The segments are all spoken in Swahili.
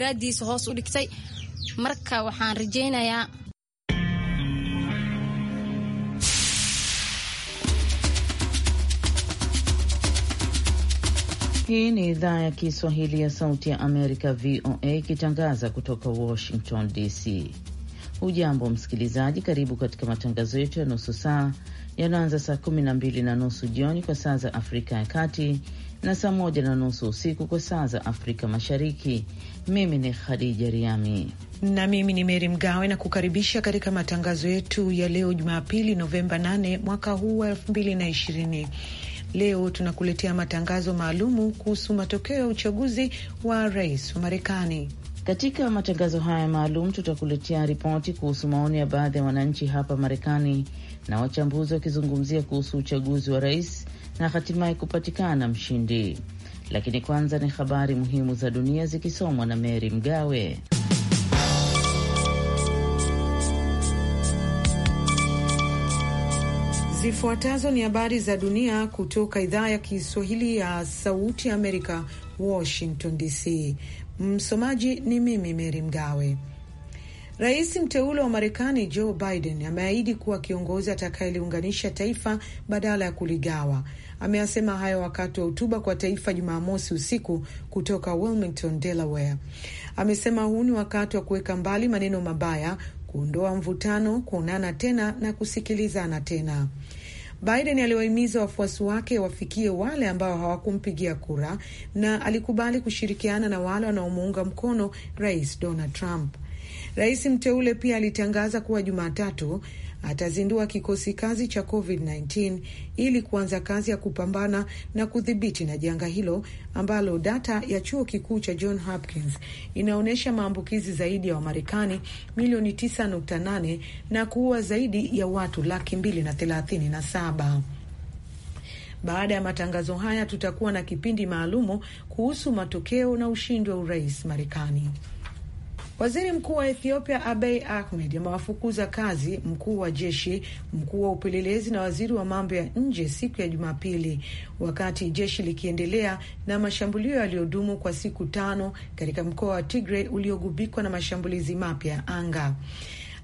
raadiisa hoos u dhigtay marka waxaan rajaynayaa Hii ni idhaa ya Kiswahili ya Sauti ya Amerika, VOA, ikitangaza kutoka Washington DC. Hujambo msikilizaji, karibu katika matangazo yetu ya nusu saa yanaanza saa kumi na mbili na nusu jioni kwa saa za Afrika ya Kati na saa moja na nusu usiku kwa saa za Afrika Mashariki. Mimi ni Khadija Riami na mimi ni Meri Mgawe na kukaribisha katika matangazo yetu ya leo Jumapili, Novemba 8 mwaka huu wa 2020. Leo tunakuletea matangazo maalumu kuhusu matokeo ya uchaguzi wa rais wa Marekani. Katika matangazo haya maalum tutakuletea ripoti kuhusu maoni ya baadhi ya wananchi hapa Marekani na wachambuzi wakizungumzia kuhusu uchaguzi wa rais na hatimaye kupatikana mshindi. Lakini kwanza ni habari muhimu za dunia zikisomwa na Meri Mgawe. Zifuatazo ni habari za dunia kutoka idhaa ya Kiswahili ya Sauti Amerika, Washington DC. Msomaji ni mimi Meri Mgawe. Rais mteule wa Marekani Joe Biden ameahidi kuwa kiongozi atakayeliunganisha taifa badala ya kuligawa Ameyasema hayo wakati wa hotuba kwa taifa Jumamosi usiku kutoka Wilmington, Delaware. Amesema huu ni wakati wa kuweka mbali maneno mabaya, kuondoa mvutano, kuonana tena na kusikilizana tena. Biden aliwahimiza wafuasi wake wafikie wale ambao hawakumpigia kura na alikubali kushirikiana na wale wanaomuunga mkono Rais Donald Trump. Rais mteule pia alitangaza kuwa Jumatatu atazindua kikosi kazi cha COVID-19 ili kuanza kazi ya kupambana na kudhibiti na janga hilo ambalo data ya chuo kikuu cha John Hopkins inaonyesha maambukizi zaidi ya Wamarekani milioni 9.8 na kuua zaidi ya watu laki mbili na thelathini na saba. Baada ya matangazo haya, tutakuwa na kipindi maalumu kuhusu matokeo na ushindi wa urais Marekani. Waziri mkuu wa Ethiopia Abiy Ahmed amewafukuza kazi mkuu wa jeshi, mkuu wa upelelezi na waziri wa mambo ya nje siku ya Jumapili, wakati jeshi likiendelea na mashambulio yaliyodumu kwa siku tano katika mkoa wa Tigray uliogubikwa na mashambulizi mapya ya anga.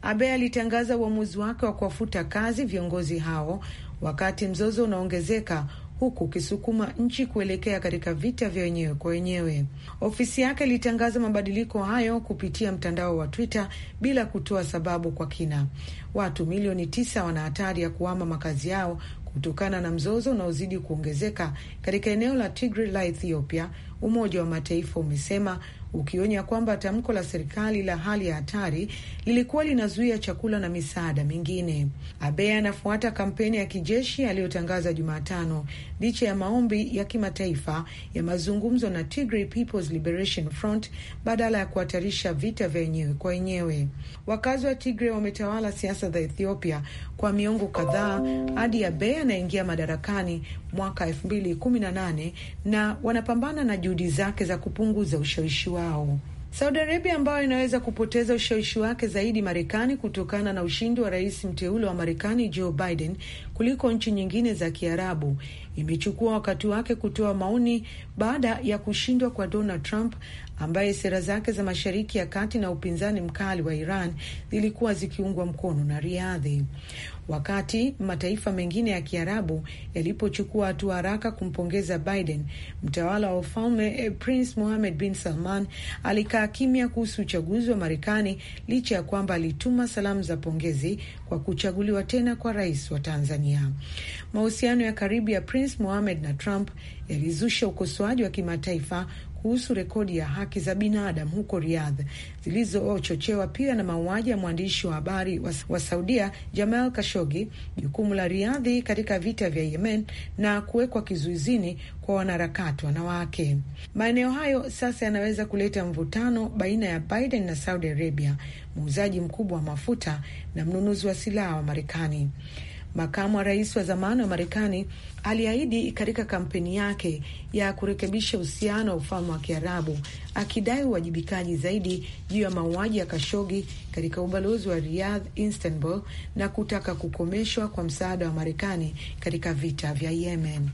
Abe alitangaza uamuzi wake wa kuwafuta kazi viongozi hao wakati mzozo unaongezeka huku ukisukuma nchi kuelekea katika vita vya wenyewe kwa wenyewe. Ofisi yake ilitangaza mabadiliko hayo kupitia mtandao wa Twitter bila kutoa sababu kwa kina. Watu milioni tisa wana hatari ya kuhama makazi yao kutokana na mzozo unaozidi kuongezeka katika eneo la Tigray la Ethiopia, Umoja wa Mataifa umesema ukionya kwamba tamko la serikali la hali ya hatari lilikuwa linazuia chakula na misaada mingine. Abe anafuata kampeni ya kijeshi aliyotangaza Jumatano licha ya maombi ya kimataifa ya mazungumzo na Tigray People's Liberation Front badala ya kuhatarisha vita vya wenyewe kwa wenyewe. Wakazi wa Tigray wametawala siasa za Ethiopia kwa miongo kadhaa hadi Abe anaingia madarakani mwaka 2018 na wanapambana na juhudi zake za kupunguza ushawishi wao. Saudi Arabia ambayo inaweza kupoteza ushawishi wake zaidi Marekani kutokana na ushindi wa rais mteule wa Marekani Joe Biden kuliko nchi nyingine za Kiarabu, imechukua wakati wake kutoa maoni baada ya kushindwa kwa Donald Trump ambaye sera zake za Mashariki ya Kati na upinzani mkali wa Iran zilikuwa zikiungwa mkono na Riadhi. Wakati mataifa mengine ya Kiarabu yalipochukua hatua haraka kumpongeza Biden, mtawala wa ufalme eh, Prince Mohammed bin Salman alikaa kimya kuhusu uchaguzi wa Marekani licha ya kwamba alituma salamu za pongezi kwa kuchaguliwa tena kwa rais wa Tanzania. Tanzania. Mahusiano ya karibu ya Prince Mohamed na Trump yalizusha ukosoaji wa kimataifa kuhusu rekodi ya haki za binadamu huko Riyadh zilizochochewa pia na mauaji ya mwandishi wa habari wa Saudia Jamal Khashoggi, jukumu la Riyadh katika vita vya Yemen na kuwekwa kizuizini kwa wanaharakati wanawake. Maeneo hayo sasa yanaweza kuleta mvutano baina ya Biden na Saudi Arabia, muuzaji mkubwa wa mafuta na mnunuzi wa silaha wa Marekani. Makamu wa rais wa zamani wa Marekani aliahidi katika kampeni yake ya kurekebisha uhusiano wa ufalme wa Kiarabu, akidai uwajibikaji zaidi juu ya mauaji ya Kashogi katika ubalozi wa Riyadh, Istanbul, na kutaka kukomeshwa kwa msaada wa Marekani katika vita vya Yemen.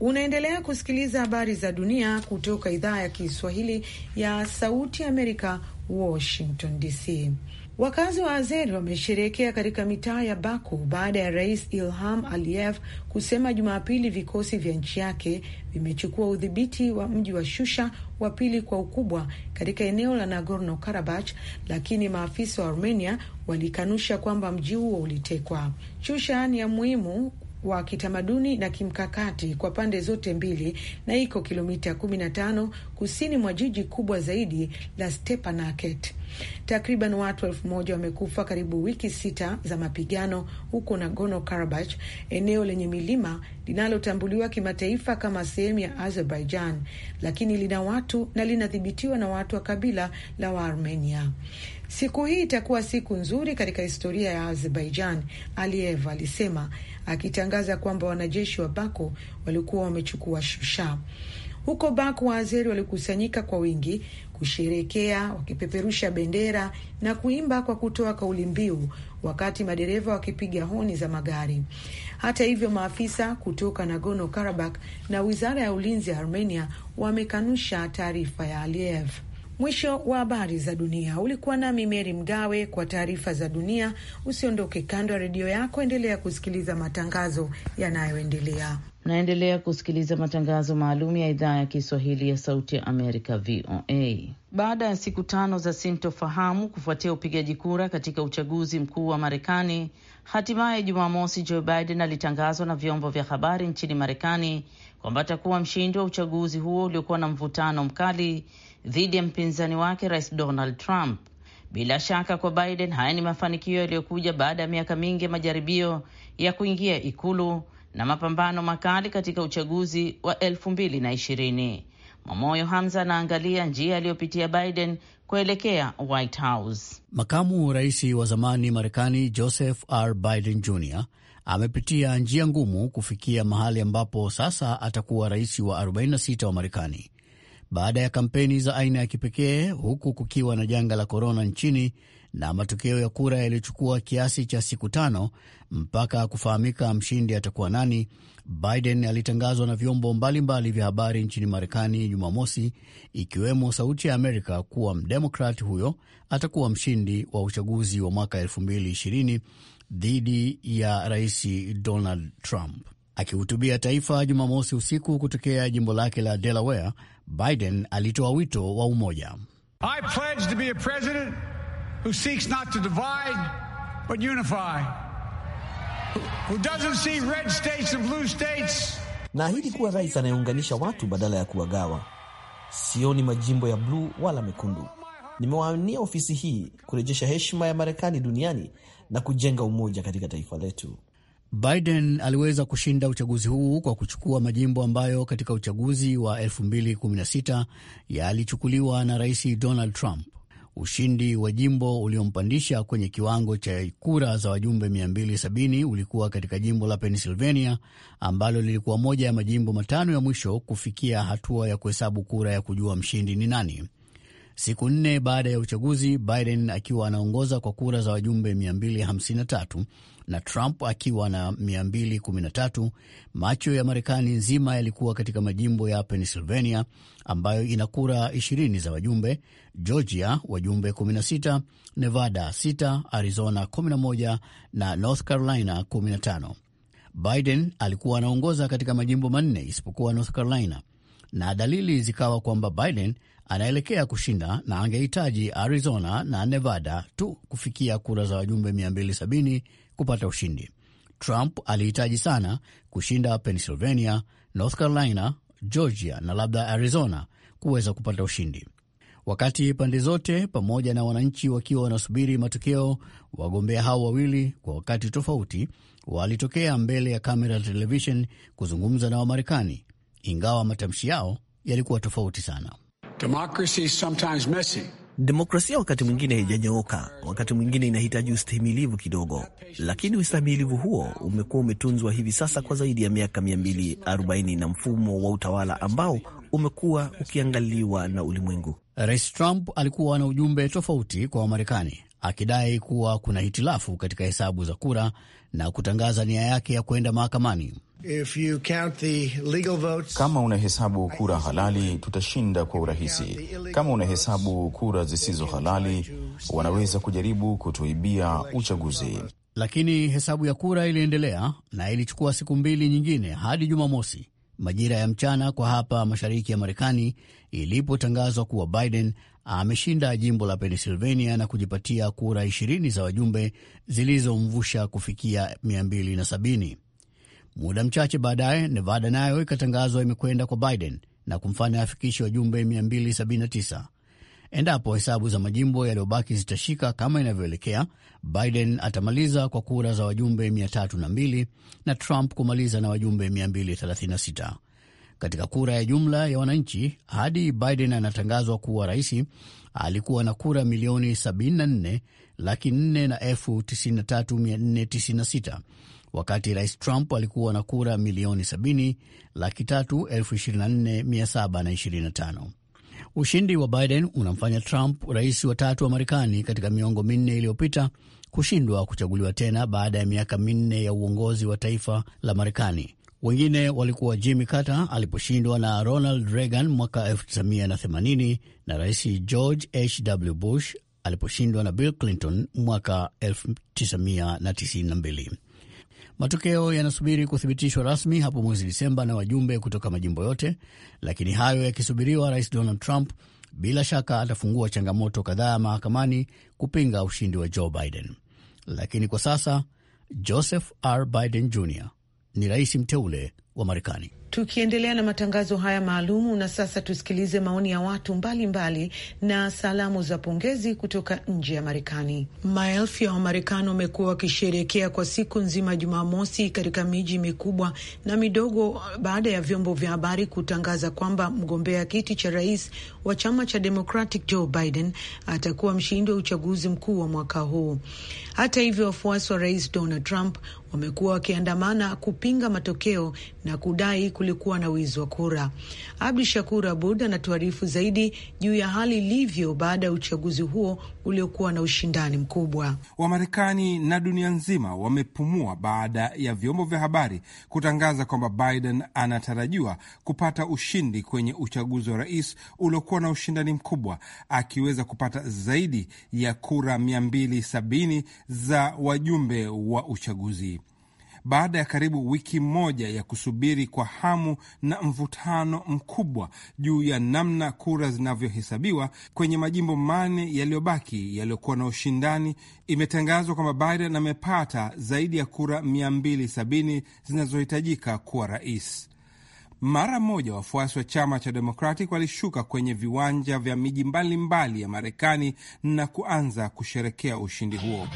Unaendelea kusikiliza habari za dunia kutoka idhaa ya Kiswahili ya Sauti Amerika, Washington DC. Wakazi wa Azeri wamesherehekea katika mitaa ya Baku baada ya rais Ilham Aliyev kusema Jumapili vikosi vya nchi yake vimechukua udhibiti wa mji wa Shusha wa pili kwa ukubwa katika eneo la Nagorno Karabach, lakini maafisa wa Armenia walikanusha kwamba mji huo ulitekwa. Shusha ni ya muhimu wa kitamaduni na kimkakati kwa pande zote mbili na iko kilomita 15 kusini mwa jiji kubwa zaidi la Stepanakert. Takriban watu elfu moja wamekufa karibu wiki sita za mapigano huko Nagorno Karabakh, eneo lenye milima linalotambuliwa kimataifa kama sehemu ya Azerbaijan, lakini lina watu na linadhibitiwa na watu wa kabila la Waarmenia. Siku hii itakuwa siku nzuri katika historia ya Azerbaijan, Aliyev alisema akitangaza kwamba wanajeshi wa Bako walikuwa wamechukua Shusha. Huko Bako, Waazeri walikusanyika kwa wingi kusherekea wakipeperusha bendera na kuimba kwa kutoa kauli mbiu, wakati madereva wakipiga honi za magari. Hata hivyo, maafisa kutoka Nagorno Karabakh na wizara ya ulinzi ya Armenia wamekanusha taarifa ya Aliyev. Mwisho wa habari za dunia. Ulikuwa nami Meri Mgawe kwa taarifa za dunia. Usiondoke kando ya redio yako, endelea kusikiliza matangazo yanayoendelea. Naendelea kusikiliza matangazo maalum ya idhaa ya Kiswahili ya Sauti ya Amerika, VOA. Baada ya siku tano za sintofahamu kufuatia upigaji kura katika uchaguzi mkuu wa Marekani, hatimaye Jumamosi, Joe Biden alitangazwa na vyombo vya habari nchini Marekani kwamba atakuwa mshindi wa uchaguzi huo uliokuwa na mvutano mkali dhidi ya mpinzani wake Rais Donald Trump. Bila shaka kwa Biden, haya ni mafanikio yaliyokuja baada ya miaka mingi ya majaribio ya kuingia ikulu na mapambano makali katika uchaguzi wa elfu mbili na ishirini. Mwamoyo Hamza anaangalia njia aliyopitia Biden kuelekea White House. Makamu rais wa zamani Marekani Joseph R. Biden Jr amepitia njia ngumu kufikia mahali ambapo sasa atakuwa rais wa 46 wa Marekani baada ya kampeni za aina ya kipekee huku kukiwa na janga la korona nchini na matokeo ya kura yaliyochukua kiasi cha siku tano mpaka kufahamika mshindi atakuwa nani. Biden alitangazwa na vyombo mbalimbali vya habari nchini Marekani Jumamosi, ikiwemo Sauti ya Amerika, kuwa mdemokrat huyo atakuwa mshindi wa uchaguzi wa mwaka 2020 dhidi ya rais Donald Trump. Akihutubia taifa Jumamosi usiku kutokea jimbo lake la Delaware, Biden alitoa wito wa umoja. I pledge to be a president who seeks not to divide but unify, who doesn't see red states and blue states. Naahidi kuwa rais anayeunganisha watu badala ya kuwagawa. Sioni majimbo ya bluu wala mekundu. Nimewaania ofisi hii kurejesha heshima ya Marekani duniani na kujenga umoja katika taifa letu. Biden aliweza kushinda uchaguzi huu kwa kuchukua majimbo ambayo katika uchaguzi wa 2016 yalichukuliwa na Rais Donald Trump. Ushindi wa jimbo uliompandisha kwenye kiwango cha kura za wajumbe 270 ulikuwa katika jimbo la Pennsylvania ambalo lilikuwa moja ya majimbo matano ya mwisho kufikia hatua ya kuhesabu kura ya kujua mshindi ni nani siku nne baada ya uchaguzi, Biden akiwa anaongoza kwa kura za wajumbe 253 na Trump akiwa na 213. Macho ya Marekani nzima yalikuwa katika majimbo ya Pennsylvania ambayo ina kura 20 za wajumbe, Georgia wajumbe 16, Nevada 6, Arizona 11 na North Carolina 15. Biden alikuwa anaongoza katika majimbo manne isipokuwa North Carolina, na dalili zikawa kwamba Biden anaelekea kushinda na angehitaji Arizona na Nevada tu kufikia kura za wajumbe 270 kupata ushindi. Trump alihitaji sana kushinda Pennsylvania, North Carolina, Georgia na labda Arizona kuweza kupata ushindi. Wakati pande zote pamoja na wananchi wakiwa wanasubiri matokeo, wagombea hao wawili kwa wakati tofauti walitokea mbele ya kamera ya televishen kuzungumza na Wamarekani, ingawa matamshi yao yalikuwa tofauti sana. Demokrasia wakati mwingine haijanyooka, wakati mwingine inahitaji ustahimilivu kidogo, lakini ustahimilivu huo umekuwa umetunzwa hivi sasa kwa zaidi ya miaka 240 na mfumo wa utawala ambao umekuwa ukiangaliwa na ulimwengu. Rais Trump alikuwa na ujumbe tofauti kwa Wamarekani, akidai kuwa kuna hitilafu katika hesabu za kura na kutangaza nia yake ya kwenda mahakamani. If you count the legal votes, kama unahesabu kura halali tutashinda kwa urahisi. Kama unahesabu kura zisizo halali, wanaweza kujaribu kutuibia uchaguzi. Lakini hesabu ya kura iliendelea na ilichukua siku mbili nyingine hadi Jumamosi majira ya mchana kwa hapa mashariki ya Marekani, ilipotangazwa kuwa Biden ameshinda jimbo la Pennsylvania na kujipatia kura 20 za wajumbe zilizomvusha kufikia 270. Muda mchache baadaye, Nevada nayo ikatangazwa imekwenda kwa Biden na kumfanya afikishi wajumbe 279. Endapo hesabu za majimbo yaliyobaki zitashika kama inavyoelekea, Biden atamaliza kwa kura za wajumbe 302 na Trump kumaliza na wajumbe 236. Katika kura ya jumla ya wananchi, hadi Biden anatangazwa kuwa rais, alikuwa na kura milioni 74 laki 4 na elfu 93 496 wakati Rais Trump alikuwa na kura milioni 70 laki tatu Ushindi wa Biden unamfanya Trump rais wa tatu wa Marekani katika miongo minne iliyopita kushindwa kuchaguliwa tena baada ya miaka minne ya uongozi wa taifa la Marekani. Wengine walikuwa Jimmy Carter aliposhindwa na Ronald Reagan mwaka 1980 na Rais George H.W. Bush aliposhindwa na Bill Clinton mwaka 1992. Matokeo yanasubiri kuthibitishwa rasmi hapo mwezi Disemba na wajumbe kutoka majimbo yote, lakini hayo yakisubiriwa, Rais Donald Trump bila shaka atafungua changamoto kadhaa mahakamani kupinga ushindi wa Joe Biden. Lakini kwa sasa Joseph R. Biden Jr ni rais mteule wa Marekani. Tukiendelea na matangazo haya maalumu, na sasa tusikilize maoni ya watu mbalimbali mbali na salamu za pongezi kutoka nje ya Marekani. Maelfu ya Wamarekani wamekuwa wakisherekea kwa siku nzima Jumamosi katika miji mikubwa na midogo baada ya vyombo vya habari kutangaza kwamba mgombea kiti cha rais wa chama cha Democratic Joe Biden atakuwa mshindi wa uchaguzi mkuu wa mwaka huu. Hata hivyo, wafuasi wa rais Donald Trump wamekuwa wakiandamana kupinga matokeo na kudai kulikuwa na wizi wa kura. Abdu Shakur Abud anatuarifu zaidi juu ya hali ilivyo baada ya uchaguzi huo uliokuwa na ushindani mkubwa. Wamarekani na dunia nzima wamepumua baada ya vyombo vya habari kutangaza kwamba Biden anatarajiwa kupata ushindi kwenye uchaguzi wa rais uliokuwa na ushindani mkubwa, akiweza kupata zaidi ya kura 270 za wajumbe wa uchaguzi baada ya karibu wiki moja ya kusubiri kwa hamu na mvutano mkubwa juu ya namna kura zinavyohesabiwa kwenye majimbo mane yaliyobaki yaliyokuwa na ushindani, imetangazwa kwamba Biden amepata zaidi ya kura 270 zinazohitajika kuwa rais. Mara moja wafuasi wa chama cha Democratic walishuka kwenye viwanja vya miji mbalimbali ya Marekani na kuanza kusherekea ushindi huo.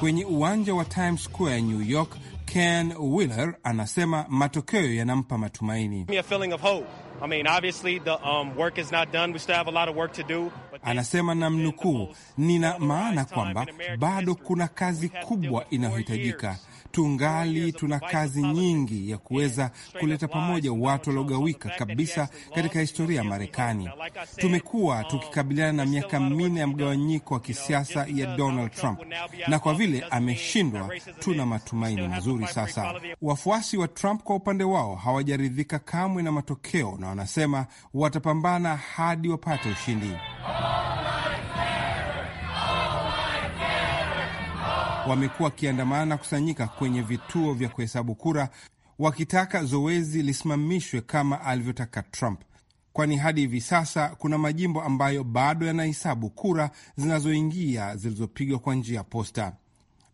kwenye uwanja wa Times Square New York, Ken Willer anasema matokeo yanampa matumaini. Um, anasema na mnukuu, nina maana kwamba bado kuna kazi kubwa inayohitajika, tungali tuna kazi nyingi ya kuweza kuleta pamoja watu waliogawika kabisa katika historia ya Marekani. Tumekuwa tukikabiliana na miaka minne ya mgawanyiko wa kisiasa ya Donald Trump, na kwa vile ameshindwa, tuna matumaini mazuri sasa. Wafuasi wa Trump kwa upande wao hawajaridhika kamwe na matokeo, na wanasema watapambana hadi wapate ushindi. wamekuwa wakiandamana kusanyika kwenye vituo vya kuhesabu kura wakitaka zoezi lisimamishwe kama alivyotaka Trump, kwani hadi hivi sasa kuna majimbo ambayo bado yanahesabu kura zinazoingia zilizopigwa kwa njia ya posta.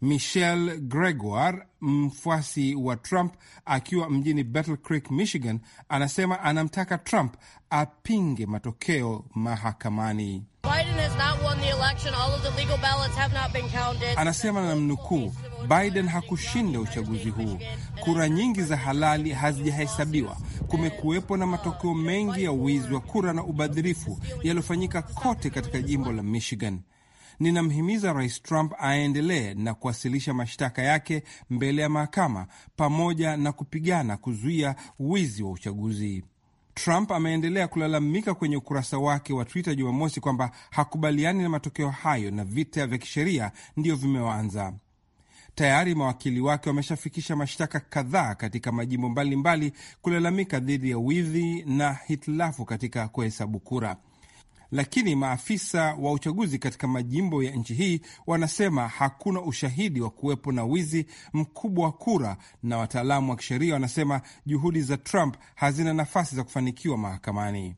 Michelle Gregoire, mfuasi wa Trump akiwa mjini Battle Creek, Michigan, anasema anamtaka Trump apinge matokeo mahakamani. Anasema na mnukuu, Biden hakushinda uchaguzi huu, kura nyingi za halali hazijahesabiwa. Kumekuwepo na matokeo mengi ya uwizi wa kura na ubadhirifu yaliyofanyika kote katika jimbo la Michigan. Ninamhimiza Rais Trump aendelee na kuwasilisha mashtaka yake mbele ya mahakama pamoja na kupigana kuzuia wizi wa uchaguzi. Trump ameendelea kulalamika kwenye ukurasa wake wa Twitter Jumamosi kwamba hakubaliani na matokeo hayo na vita vya kisheria ndiyo vimeanza. Tayari mawakili wake wameshafikisha mashtaka kadhaa katika majimbo mbalimbali, kulalamika dhidi ya wizi na hitilafu katika kuhesabu kura lakini maafisa wa uchaguzi katika majimbo ya nchi hii wanasema hakuna ushahidi wa kuwepo na wizi mkubwa wa kura, na wataalamu wa kisheria wanasema juhudi za Trump hazina nafasi za kufanikiwa mahakamani.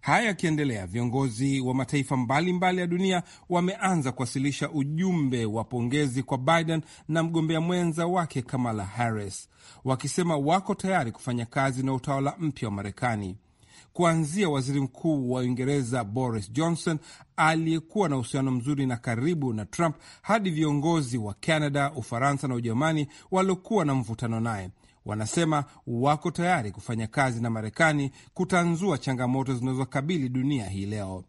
Haya yakiendelea, viongozi wa mataifa mbalimbali mbali ya dunia wameanza kuwasilisha ujumbe wa pongezi kwa Biden na mgombea mwenza wake Kamala Harris, wakisema wako tayari kufanya kazi na utawala mpya wa Marekani kuanzia waziri mkuu wa Uingereza Boris Johnson aliyekuwa na uhusiano mzuri na karibu na Trump hadi viongozi wa Canada, Ufaransa na Ujerumani waliokuwa na mvutano naye. Wanasema wako tayari kufanya kazi na Marekani kutanzua changamoto zinazokabili dunia hii leo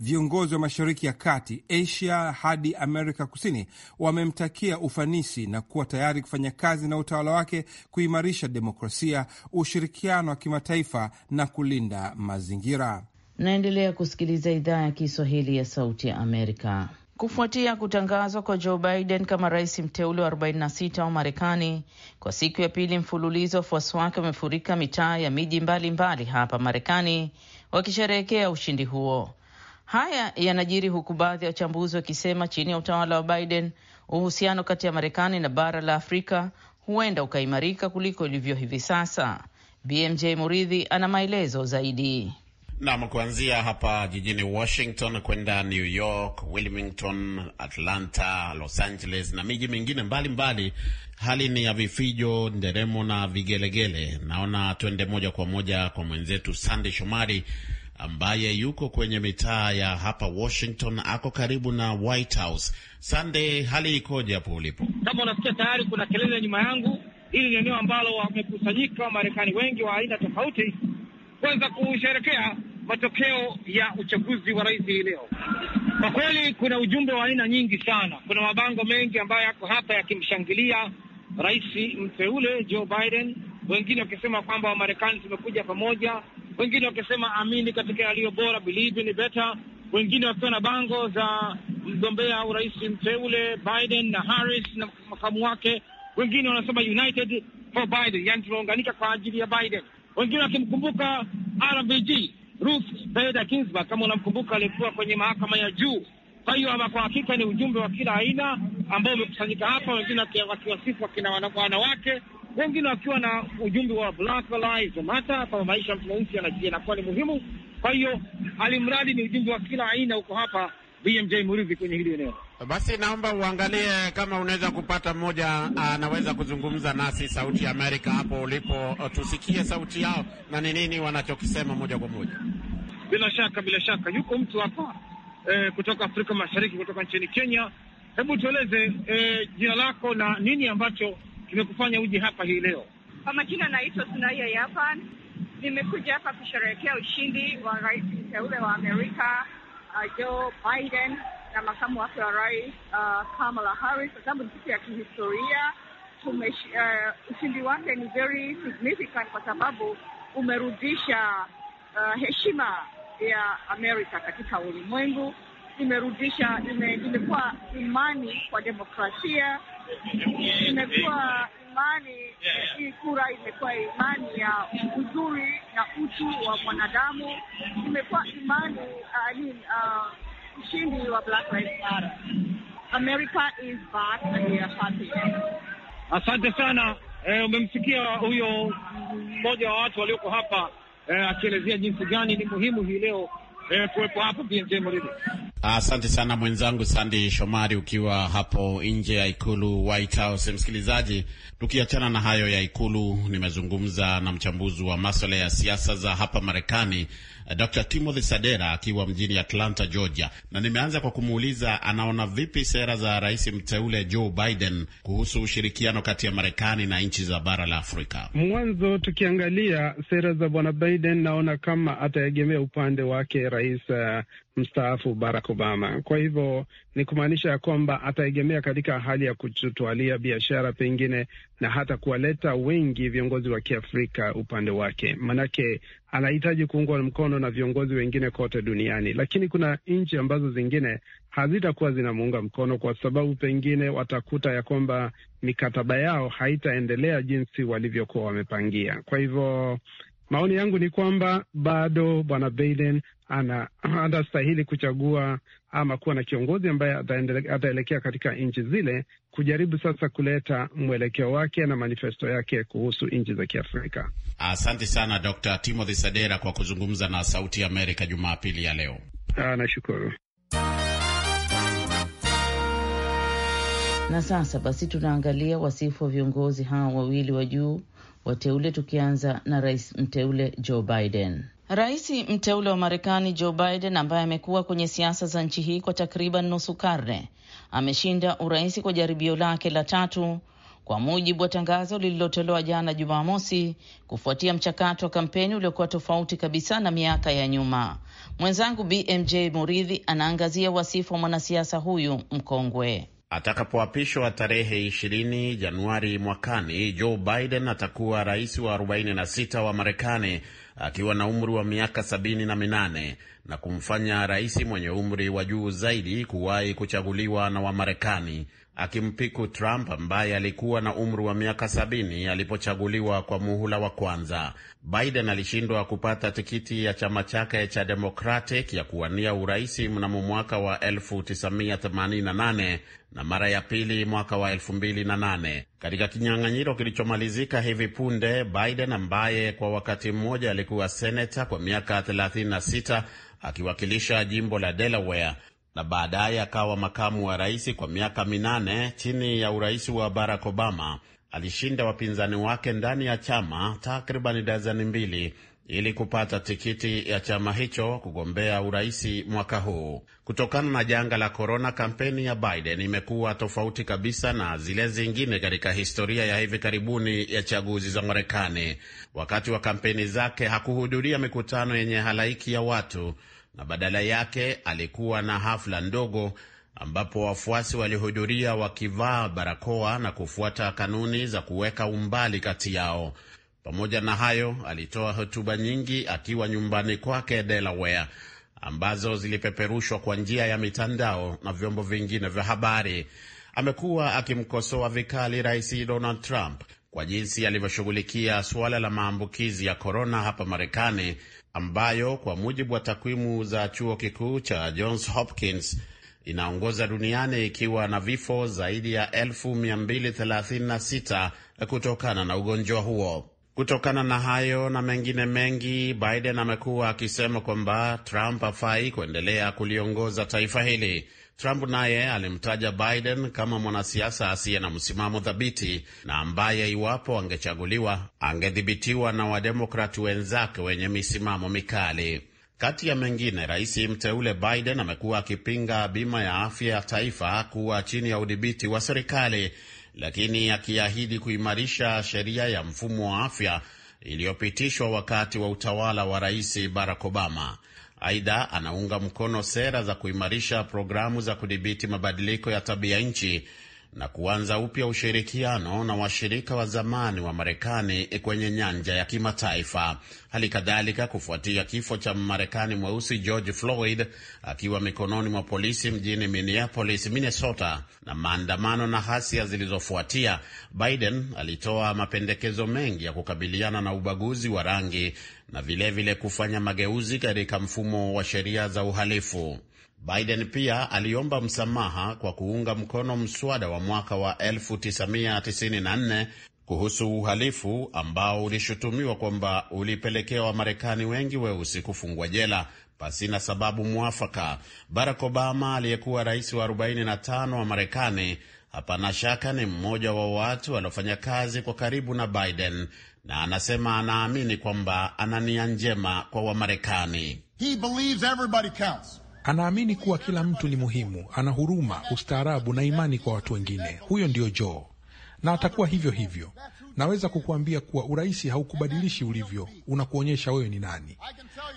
viongozi wa Mashariki ya Kati, Asia hadi Amerika Kusini wamemtakia ufanisi na kuwa tayari kufanya kazi na utawala wake kuimarisha demokrasia, ushirikiano wa kimataifa na kulinda mazingira. Naendelea kusikiliza idhaa ya Kiswahili ya Sauti ya Amerika. Kufuatia kutangazwa kwa Joe Biden kama rais mteule wa 46 wa Marekani, kwa siku ya pili mfululizo, wafuasi wake wamefurika mitaa ya miji mbalimbali hapa Marekani wakisherehekea ushindi huo. Haya yanajiri huku baadhi ya wachambuzi wakisema chini ya utawala wa Biden uhusiano kati ya Marekani na bara la Afrika huenda ukaimarika kuliko ilivyo hivi sasa. BMJ Muridhi ana maelezo zaidi. Nam, kuanzia hapa jijini Washington kwenda New York, Wilmington, Atlanta, Los Angeles na miji mingine mbalimbali mbali, hali ni ya vifijo, nderemo na vigelegele. Naona twende moja kwa moja kwa mwenzetu Sande Shomari ambaye yuko kwenye mitaa ya hapa Washington, ako karibu na White House. Sande, hali ikoje hapo ulipo? Kama unasikia tayari kuna kelele nyuma yangu, hili ni eneo ambalo wamekusanyika Wamarekani wengi wa aina tofauti, kuweza kusherekea matokeo ya uchaguzi wa rais hii leo. Kwa kweli kuna ujumbe wa aina nyingi sana, kuna mabango mengi ambayo yako hapa yakimshangilia rais mteule Joe Biden, wengine wakisema kwamba Wamarekani tumekuja pamoja wengine wakisema amini katika yaliyo bora, believe in better, wengine wakiwa na bango za mgombea urais mteule Biden na Harris na makamu wake, wengine wanasema united for Biden, yani tunaunganika kwa ajili ya Biden, wengine wakimkumbuka RBG Ruth Bader Ginsburg, kama unamkumbuka, alikuwa kwenye mahakama ya juu. Kwa hiyo ama kwa hakika ni ujumbe wa kila aina ambao umekusanyika hapa, wengine wakiwasifu wakina wanawake wengine wakiwa na ujumbe wa Black Lives Matter, kwa maisha mtu mweusi yanakuwa ni muhimu. Kwa hiyo alimradi ni ujumbe wa kila aina huko hapa BMJ Murithi kwenye hili eneo. Basi naomba uangalie kama unaweza kupata mmoja ah, anaweza kuzungumza nasi Sauti ya Amerika hapo ulipo, oh, tusikie sauti yao na ni nini wanachokisema moja kwa moja. Bila shaka, bila shaka yuko mtu hapa eh, kutoka Afrika Mashariki, kutoka nchini Kenya. Hebu tueleze eh, jina lako na nini ambacho kimekufanya uje hapa hii leo? Kwa majina naitwa Sunaya Yapan. Nimekuja hapa kusherehekea ushindi wa rais mteule wa Amerika uh, Joe Biden na makamu wake wa rais uh, Kamala Harris, kwa sababu ni siku ya kihistoria. Uh, ushindi wake ni very significant kwa sababu umerudisha uh, heshima ya Amerika katika ulimwengu, imerudisha imekuwa imani kwa demokrasia imekuwa imani yeah. Hii kura imekuwa imani ya uzuri na utu wa mwanadamu, imekuwa imani uh, uh, ushindi uh, wa Black Lives Matter. America is back and we are happy. Asante sana. Eh, umemsikia huyo mmoja wa watu walioko hapa eh, akielezea jinsi gani ni muhimu hii leo eh, kuwepo hapa BMJ Mridhi. Asante sana mwenzangu Sandi Shomari, ukiwa hapo nje ya ikulu White House. Msikilizaji, tukiachana na hayo ya ikulu, nimezungumza na mchambuzi wa maswala ya siasa za hapa Marekani Eh, Dr. Timothy Sadera akiwa mjini Atlanta, Georgia, na nimeanza kwa kumuuliza anaona vipi sera za rais mteule Joe Biden kuhusu ushirikiano kati ya Marekani na nchi za bara la Afrika. Mwanzo tukiangalia sera za bwana Biden, naona kama ataegemea upande wake rais uh, mstaafu Barack Obama. Kwa hivyo ni kumaanisha ya kwamba ataegemea katika hali ya kututwalia biashara pengine na hata kuwaleta wengi viongozi wa Kiafrika upande wake, manake anahitaji kuungwa mkono na viongozi wengine kote duniani, lakini kuna nchi ambazo zingine hazitakuwa zinamuunga mkono kwa sababu pengine watakuta ya kwamba mikataba yao haitaendelea jinsi walivyokuwa wamepangia. Kwa hivyo maoni yangu ni kwamba bado bwana Biden ana anastahili kuchagua ama kuwa na kiongozi ambaye ataelekea katika nchi zile kujaribu sasa kuleta mwelekeo wake na manifesto yake kuhusu nchi za Kiafrika. Asante sana Dr. Timothy Sadera kwa kuzungumza na Sauti ya Amerika Jumapili ya leo. Ah, Nashukuru. Na sasa basi tunaangalia wasifu wa viongozi hawa wawili wa juu wateule, tukianza na rais mteule Joe Biden. Rais mteule wa Marekani Joe Biden ambaye amekuwa kwenye siasa za nchi hii kwa takriban nusu karne ameshinda urais kwa jaribio lake la tatu, kwa mujibu wa tangazo lililotolewa jana Jumamosi kufuatia mchakato wa kampeni uliokuwa tofauti kabisa na miaka ya nyuma. Mwenzangu BMJ Muridhi anaangazia wasifu wa mwanasiasa huyu mkongwe. Atakapoapishwa tarehe 20 Januari mwakani, Joe Biden atakuwa rais wa 46 wa Marekani akiwa na umri wa miaka 78 na kumfanya rais mwenye umri wa juu zaidi kuwahi kuchaguliwa na Wamarekani akimpiku Trump ambaye alikuwa na umri wa miaka sabini alipochaguliwa kwa muhula wa kwanza. Biden alishindwa kupata tikiti ya chama chake cha Democratic ya kuwania uraisi mnamo mwaka wa 1988 na mara ya pili mwaka wa 2008. Katika kinyang'anyiro kilichomalizika hivi punde, Biden ambaye kwa wakati mmoja alikuwa seneta kwa miaka 36 akiwakilisha jimbo la Delaware na baadaye akawa makamu wa rais kwa miaka minane chini ya urais wa Barack Obama. Alishinda wapinzani wake ndani ya chama takriban dazani mbili ili kupata tikiti ya chama hicho kugombea uraisi mwaka huu. Kutokana na janga la korona, kampeni ya Biden imekuwa tofauti kabisa na zile zingine katika historia ya hivi karibuni ya chaguzi za Marekani. Wakati wa kampeni zake hakuhudhuria mikutano yenye halaiki ya watu na badala yake alikuwa na hafla ndogo ambapo wafuasi walihudhuria wakivaa barakoa na kufuata kanuni za kuweka umbali kati yao. Pamoja na hayo, alitoa hotuba nyingi akiwa nyumbani kwake Delaware, ambazo zilipeperushwa kwa njia ya mitandao na vyombo vingine vya habari. Amekuwa akimkosoa vikali Rais Donald Trump kwa jinsi alivyoshughulikia suala la maambukizi ya korona hapa Marekani ambayo kwa mujibu wa takwimu za chuo kikuu cha Johns Hopkins inaongoza duniani ikiwa na vifo zaidi ya 236 kutokana na ugonjwa huo. Kutokana na hayo na mengine mengi, Biden amekuwa akisema kwamba Trump hafai kuendelea kuliongoza taifa hili. Trump naye alimtaja Biden kama mwanasiasa asiye na msimamo thabiti na ambaye iwapo angechaguliwa angedhibitiwa na wademokrati wenzake wenye misimamo mikali. Kati ya mengine, rais mteule Biden amekuwa akipinga bima ya afya ya taifa kuwa chini ya udhibiti wa serikali, lakini akiahidi kuimarisha sheria ya mfumo wa afya iliyopitishwa wakati wa utawala wa rais Barack Obama. Aidha, anaunga mkono sera za kuimarisha programu za kudhibiti mabadiliko ya tabia nchi na kuanza upya ushirikiano na washirika wa zamani wa Marekani kwenye nyanja ya kimataifa. Hali kadhalika, kufuatia kifo cha Marekani mweusi George Floyd akiwa mikononi mwa polisi mjini Minneapolis, Minnesota, na maandamano na hasia zilizofuatia, Biden alitoa mapendekezo mengi ya kukabiliana na ubaguzi wa rangi na vilevile vile kufanya mageuzi katika mfumo wa sheria za uhalifu. Biden pia aliomba msamaha kwa kuunga mkono mswada wa mwaka wa 1994 kuhusu uhalifu ambao ulishutumiwa kwamba ulipelekea Wamarekani wengi weusi kufungwa jela pasina sababu mwafaka. Barack Obama aliyekuwa rais wa 45 wa Marekani, hapana shaka ni mmoja wa watu waliofanya kazi kwa karibu na Biden na anasema anaamini kwamba ana nia njema kwa Wamarekani. He believes everybody counts. Anaamini kuwa kila mtu ni muhimu, ana huruma, ustaarabu na imani kwa watu wengine. Huyo ndiyo Joe na atakuwa hivyo hivyo. Naweza kukuambia kuwa urahisi haukubadilishi ulivyo, unakuonyesha wewe ni nani.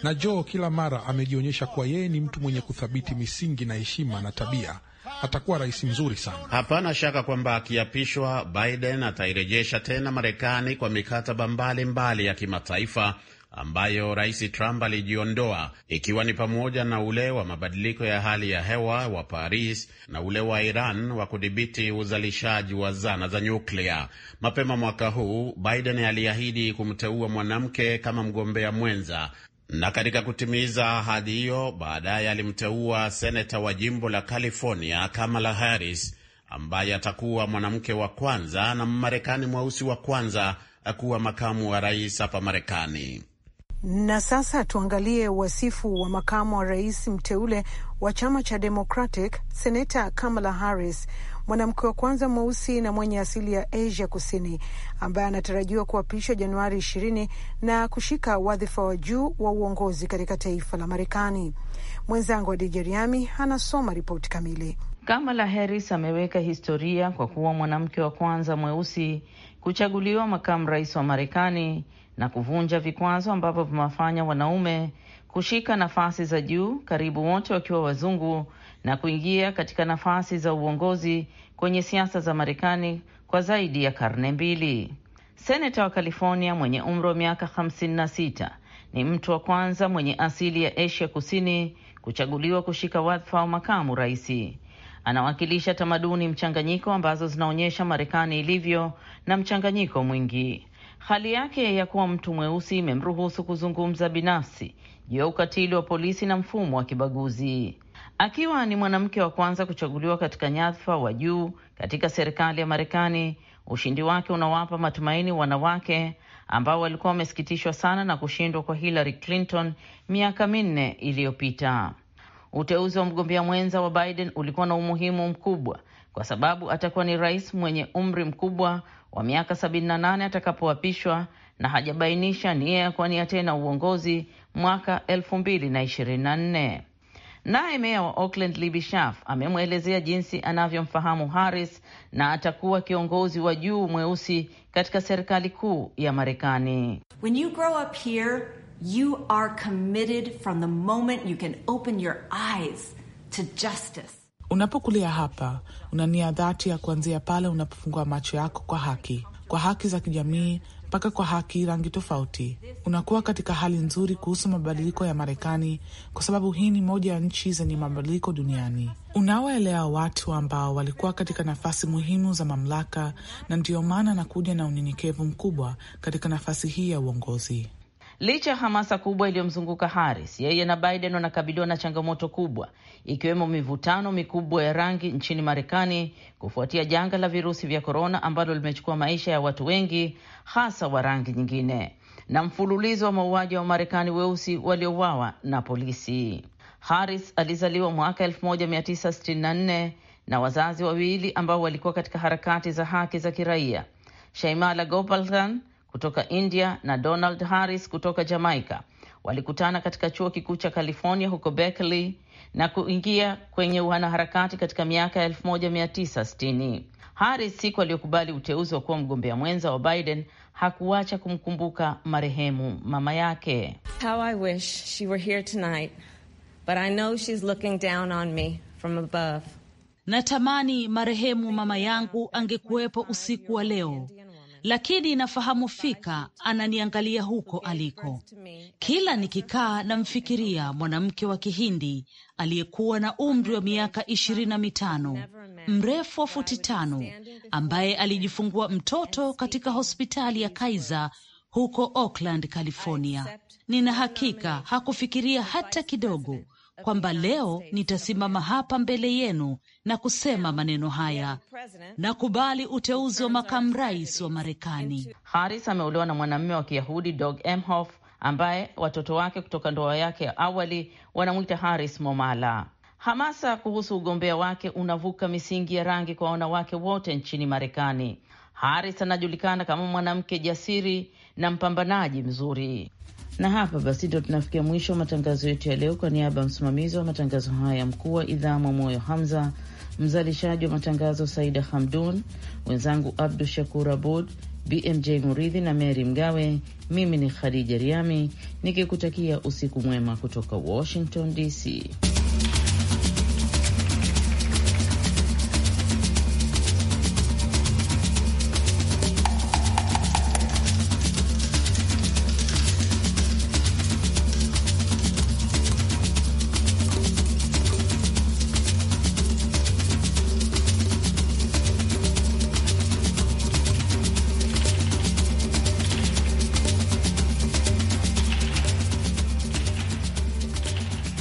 Na Joe kila mara amejionyesha kuwa yeye ni mtu mwenye kuthabiti misingi na heshima na tabia. Atakuwa rais mzuri sana. Hapana shaka kwamba akiapishwa, Biden atairejesha tena Marekani kwa mikataba mbalimbali mbali ya kimataifa ambayo Rais Trump alijiondoa, ikiwa ni pamoja na ule wa mabadiliko ya hali ya hewa wa Paris na ule wa Iran wa kudhibiti uzalishaji wa zana za nyuklia. Mapema mwaka huu Biden aliahidi kumteua mwanamke kama mgombea mwenza na katika kutimiza ahadi hiyo baadaye alimteua seneta wa jimbo la California Kamala Harris ambaye atakuwa mwanamke wa kwanza na Mmarekani mweusi wa kwanza akuwa makamu wa rais hapa Marekani. Na sasa tuangalie wasifu wa makamu wa rais mteule wa chama cha Democratic, Senata Kamala Harris, mwanamke wa kwanza mweusi na mwenye asili ya Asia Kusini ambaye anatarajiwa kuapishwa Januari ishirini na kushika wadhifa wa juu wa uongozi katika taifa la Marekani. Mwenzangu Adija Riami anasoma ripoti kamili. Kamala Harris ameweka historia kwa kuwa mwanamke wa kwanza mweusi kuchaguliwa makamu rais wa Marekani na kuvunja vikwazo ambavyo vimewafanya wanaume kushika nafasi za juu, karibu wote wakiwa wazungu, na kuingia katika nafasi za uongozi kwenye siasa za Marekani kwa zaidi ya karne mbili. Seneta wa California mwenye umri wa miaka 56 ni mtu wa kwanza mwenye asili ya Asia Kusini kuchaguliwa kushika wadhifa wa makamu raisi. Anawakilisha tamaduni mchanganyiko ambazo zinaonyesha Marekani ilivyo na mchanganyiko mwingi. Hali yake ya kuwa mtu mweusi imemruhusu kuzungumza binafsi juu ya ukatili wa polisi na mfumo wa kibaguzi. Akiwa ni mwanamke wa kwanza kuchaguliwa katika nyadhifa wa juu katika serikali ya Marekani, ushindi wake unawapa matumaini wanawake ambao walikuwa wamesikitishwa sana na kushindwa kwa Hillary Clinton miaka minne iliyopita. Uteuzi wa mgombea mwenza wa Biden ulikuwa na umuhimu mkubwa kwa sababu atakuwa ni rais mwenye umri mkubwa wa miaka 78 atakapoapishwa na hajabainisha nia ya kuwania tena uongozi mwaka 2024. Naye meya wa Auckland Libby Schaaf amemwelezea jinsi anavyomfahamu Harris na atakuwa kiongozi wa juu mweusi katika serikali kuu ya Marekani. When you grow up here, you are committed from the moment you can open your eyes to justice. Unapokulia hapa, una nia dhati ya kuanzia pale unapofungua macho yako kwa haki, kwa haki za kijamii mpaka kwa haki rangi tofauti. Unakuwa katika hali nzuri kuhusu mabadiliko ya Marekani kwa sababu hii ni moja ya nchi zenye mabadiliko duniani. Unawaelewa watu ambao walikuwa katika nafasi muhimu za mamlaka, na ndiyo maana anakuja na unyenyekevu mkubwa katika nafasi hii ya uongozi. Licha ya hamasa kubwa iliyomzunguka Harris, yeye na Biden wanakabiliwa na changamoto kubwa, ikiwemo mivutano mikubwa ya rangi nchini Marekani kufuatia janga la virusi vya korona ambalo limechukua maisha ya watu wengi, hasa wa rangi nyingine, na mfululizo wa mauaji wa marekani weusi waliouawa na polisi. Harris alizaliwa mwaka 1964 na wazazi wawili ambao walikuwa katika harakati za haki za kiraia. Shaimala Gopalkan kutoka India na Donald Harris kutoka Jamaica walikutana katika chuo kikuu cha California huko Berkeley na kuingia kwenye wanaharakati katika miaka ya 1960. Harris siku aliyokubali uteuzi wa kuwa mgombea mwenza wa Biden hakuacha kumkumbuka marehemu mama yake. How I wish she were here tonight, but I know she's looking down on me from above. Natamani marehemu mama yangu angekuwepo usiku wa leo lakini nafahamu fika ananiangalia huko aliko. Kila nikikaa namfikiria mwanamke wa Kihindi aliyekuwa na umri wa miaka ishirini na mitano, mrefu wa futi tano, ambaye alijifungua mtoto katika hospitali ya Kaiser huko Oakland, California. Nina hakika hakufikiria hata kidogo kwamba leo nitasimama hapa mbele yenu na kusema maneno haya: nakubali uteuzi wa makamu rais wa Marekani. Harris ameolewa na mwanamume wa Kiyahudi Doug Emhoff ambaye watoto wake kutoka ndoa yake ya awali wanamwita Harris Momala. Hamasa kuhusu ugombea wake unavuka misingi ya rangi kwa wanawake wote nchini Marekani. Harris anajulikana kama mwanamke jasiri na mpambanaji mzuri. Na hapa basi ndo tunafikia mwisho wa matangazo yetu ya leo. Kwa niaba ya msimamizi wa matangazo haya mkuu wa idhaa Mwamoyo Hamza, mzalishaji wa matangazo Saida Hamdun, wenzangu Abdu Shakur Abud, BMJ Muridhi na Mary Mgawe, mimi ni Khadija Riami nikikutakia usiku mwema kutoka Washington DC.